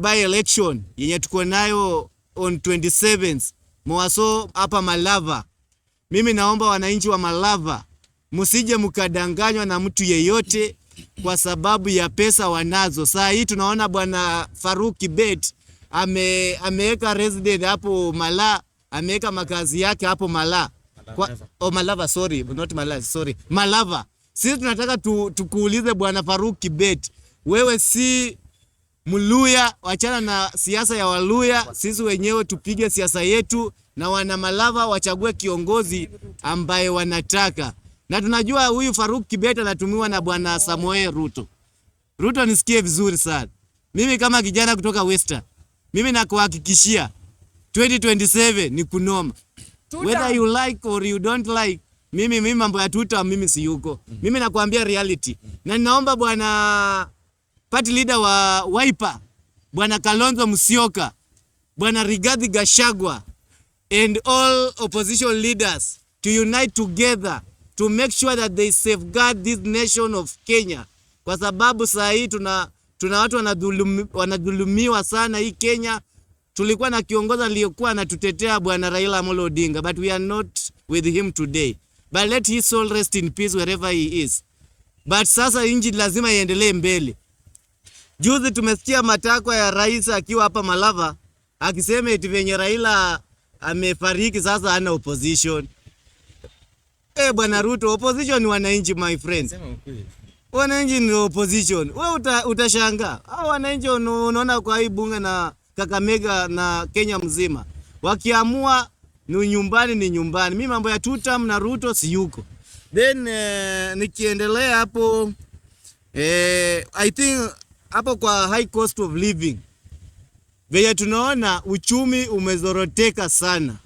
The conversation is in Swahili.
by election yenye tuko nayo on 27th Mwaso hapa Malava. Mimi naomba wananchi wa Malava msije mkadanganywa na mtu yeyote kwa sababu ya pesa wanazo. Saa hii tunaona bwana Faruki Bet ame, ameweka resident hapo Mala, ameweka makazi yake hapo Mala. Kwa, oh, Malava sorry, not Mala, sorry. Malava. Sisi tunataka tu, tukuulize bwana Faruki Bet, wewe si Mluya, wachana na siasa ya Waluya, sisi wenyewe tupige siasa yetu, na wana Malava wachague kiongozi ambaye wanataka, na tunajua huyu Faruk Kibet anatumiwa na bwana Samuel Ruto. Ruto, nisikie vizuri sana, mimi kama kijana kutoka Western, mimi nakuhakikishia 2027 ni kunoma, whether you like or you don't like mimi mimi mambo ya tuta mimi si yuko. Mimi nakwambia reality. Na ninaomba bwana party leader wa Wiper Bwana Kalonzo Musyoka, Bwana Rigathi Gachagua and all opposition leaders to unite together to make sure that they safeguard this nation of Kenya, kwa sababu saa hii tuna, tuna watu wanadhulumi, wanadhulumiwa sana hii Kenya. Tulikuwa na kiongozi aliyokuwa anatutetea Bwana Raila Amolo Odinga, but we are not with him today, but let his soul rest in peace wherever he is. But sasa inji lazima iendelee mbele. Juzi tumesikia matakwa ya rais akiwa hapa Malava akisema eti venye Raila amefariki sasa ana opposition. Eh, bwana Ruto, opposition ni wananchi my friends. Wananchi ni opposition. Wewe uta, utashanga. Hao wananchi unaona kwa hii bunge na Kakamega na Kenya mzima. Wakiamua ni nyumbani ni nyumbani. Mimi mambo ya tutam na Ruto si yuko. Then eh, nikiendelea hapo eh, I think hapo kwa high cost of living, venye tunaona uchumi umezoroteka sana.